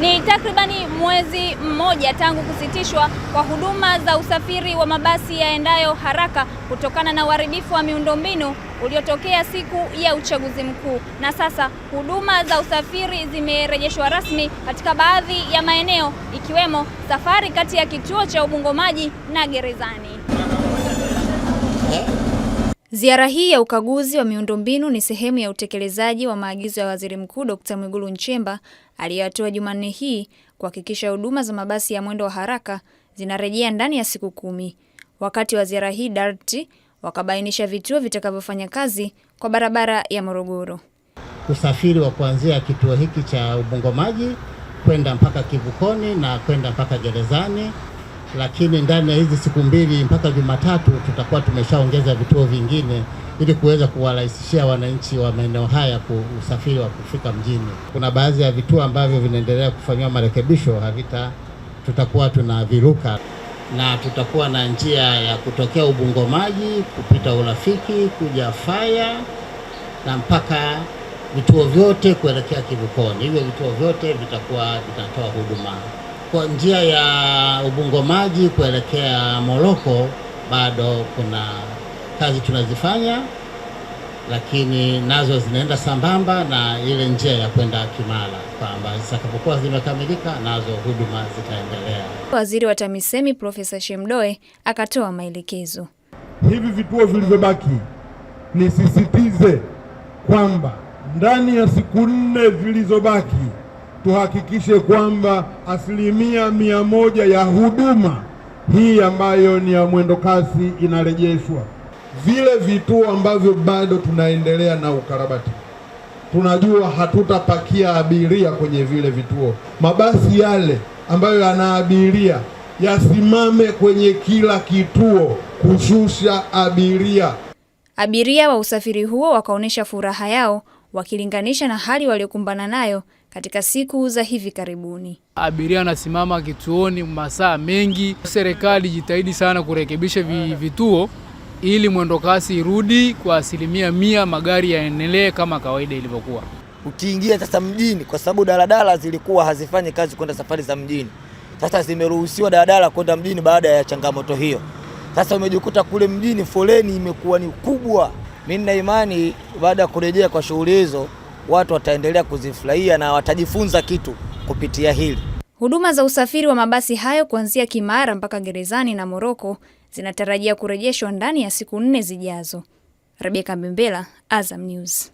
Ni takribani mwezi mmoja tangu kusitishwa kwa huduma za usafiri wa mabasi yaendayo haraka kutokana na uharibifu wa miundombinu uliotokea siku ya uchaguzi mkuu, na sasa huduma za usafiri zimerejeshwa rasmi katika baadhi ya maeneo ikiwemo safari kati ya kituo cha Ubungo Maji na Gerezani. Eh? Ziara hii ya ukaguzi wa miundombinu ni sehemu ya utekelezaji wa maagizo ya Waziri Mkuu Dkt. Mwigulu Nchemba aliyoyatoa Jumanne hii kuhakikisha huduma za mabasi ya mwendo wa haraka zinarejea ndani ya siku kumi. Wakati wa ziara hii DART wakabainisha vituo vitakavyofanya kazi kwa barabara ya Morogoro. Usafiri wa kuanzia kituo hiki cha Ubungo Maji kwenda mpaka Kivukoni na kwenda mpaka gerezani lakini ndani ya hizi siku mbili mpaka Jumatatu tutakuwa tumeshaongeza vituo vingine ili kuweza kuwarahisishia wananchi wa maeneo haya usafiri wa kufika mjini. Kuna baadhi ya vituo ambavyo vinaendelea kufanyiwa marekebisho, havita tutakuwa tunaviruka na tutakuwa na njia ya kutokea Ubungo Maji kupita Urafiki kuja Faya na mpaka vituo vyote kuelekea Kivukoni. Hivyo vituo vyote vitakuwa vitatoa huduma kwa njia ya Ubungo Maji kuelekea Moroko bado kuna kazi tunazifanya, lakini nazo zinaenda sambamba na ile njia ya kwenda Kimara, kwamba zitakapokuwa zimekamilika nazo huduma zitaendelea. Waziri wa TAMISEMI Profesa Shemdoe akatoa maelekezo. Hivi vituo vilivyobaki, nisisitize kwamba ndani ya siku nne zilizobaki tuhakikishe kwamba asilimia mia moja ya huduma hii ambayo ni ya mwendokasi inarejeshwa. Vile vituo ambavyo bado tunaendelea na ukarabati, tunajua hatutapakia abiria kwenye vile vituo. Mabasi yale ambayo yana abiria yasimame kwenye kila kituo kushusha abiria. Abiria wa usafiri huo wakaonyesha furaha yao wakilinganisha na hali waliokumbana nayo katika siku za hivi karibuni. Abiria anasimama kituoni masaa mengi. Serikali jitahidi sana kurekebisha vituo ili mwendokasi irudi kwa asilimia mia, magari yaendelee kama kawaida ilivyokuwa. Ukiingia sasa mjini, kwa sababu daladala zilikuwa hazifanyi kazi kwenda safari za mjini, sasa zimeruhusiwa daladala kwenda mjini baada ya changamoto hiyo. Sasa umejikuta kule mjini foleni imekuwa ni kubwa mimi nina imani baada ya kurejea kwa shughuli hizo watu wataendelea kuzifurahia na watajifunza kitu kupitia hili. Huduma za usafiri wa mabasi hayo kuanzia Kimara mpaka Gerezani na Moroko zinatarajia kurejeshwa ndani ya siku nne zijazo. Rebeka Mbembela, Azam News.